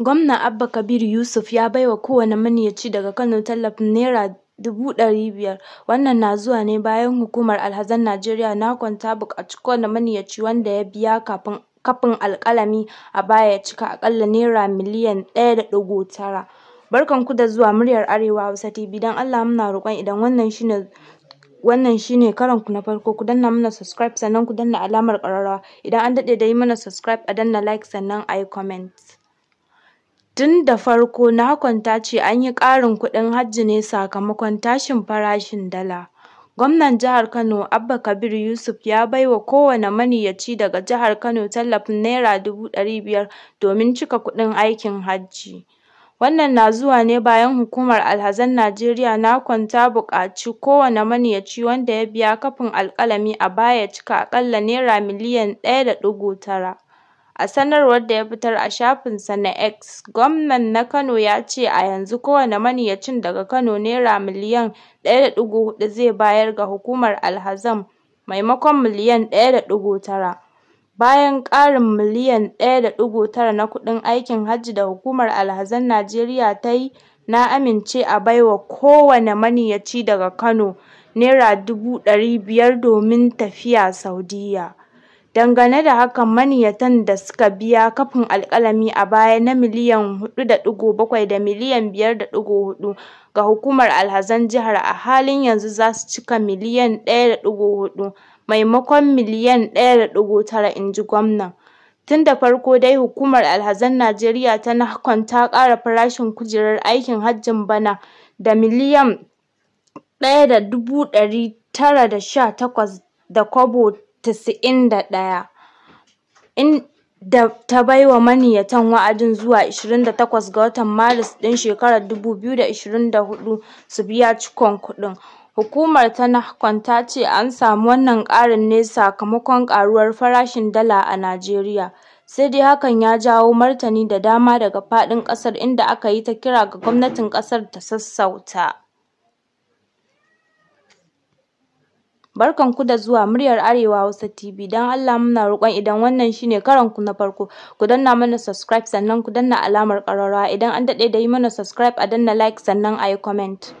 Gwamna Abba Kabir Yusuf ya baiwa kowane maniyaci daga Kano tallafin Naira biyar Wannan na zuwa ne bayan Hukumar Alhazan Najeriya na ta buƙaci kowane maniyaci wanda ya biya kafin alƙalami a baya ya cika aƙalla Naira miliyan ɗaya 1.9. Barkan ku da zuwa muryar Arewa Hausa TV, don Allah muna roƙon idan wannan shi ne wannan shi ne na farko ku danna mana subscribe sannan ku danna alamar ƙararrawa, idan an daɗe da yi mana subscribe a danna like sannan a yi comment. Tun da farko na kwanta ce an yi ƙarin kuɗin hajji ne sakamakon tashin farashin dala. Gwamnan Jihar Kano Abba Kabir Yusuf ya bai wa kowane maniyyaci daga Jihar Kano tallafin Naira dubu ɗari biyar domin cika kuɗin aikin hajji. Wannan na zuwa ne bayan Hukumar Alhazan Najeriya na ta buƙaci kowane maniyyaci wanda ya biya kafin alƙalami a baya ya cika aƙalla Naira miliyan ɗaya da ɗigo tara. A sanarwar da ya fitar a shafinsa na X, gwamnan na Kano ya ce a yanzu kowane maniyyacin daga Kano Naira miliyan 1.4 zai bayar ga Hukumar Alhazan maimakon miliyan 1.9, bayan ƙarin miliyan 1.9 na kuɗin aikin Hajji da Hukumar Alhazan Najeriya ta yi, na amince a baiwa kowane maniyyaci daga Kano Naira biyar domin tafiya Saudiyya. Dangane da hakan, maniyyatan da suka biya kafin alƙalami a baya na miliyan 4.7 da miliyan 5.4 ga Hukumar Alhazan Jihar a halin yanzu za su cika miliyan 1.4 maimakon miliyan 1.9, inji Gwamnan. Tun da farko dai Hukumar Alhazan Najeriya ta NAHCON ta ƙara farashin kujerar aikin hajjin bana da miliyan 1,918 da kwabo casa'in da ɗaya inda ta baiwa maniyyatan wa'adin zuwa 28 ga watan Maris ɗin shekarar 2024 su biya cikon kuɗin. Hukumar ta nahkon ta ce an samu wannan ƙarin ne sakamakon ƙaruwar farashin dala a Najeriya, sai dai hakan ya jawo martani da dama daga faɗin ƙasar inda aka yi ta kira ga gwamnatin ƙasar ta sassauta. Barkanku da zuwa muryar Arewa Hausa TV don Allah muna roƙon idan wannan shine ku na farko ku danna mana subscribe sannan ku danna alamar ƙararrawa idan an daɗe da yi mana subscribe a danna like sannan a yi comment.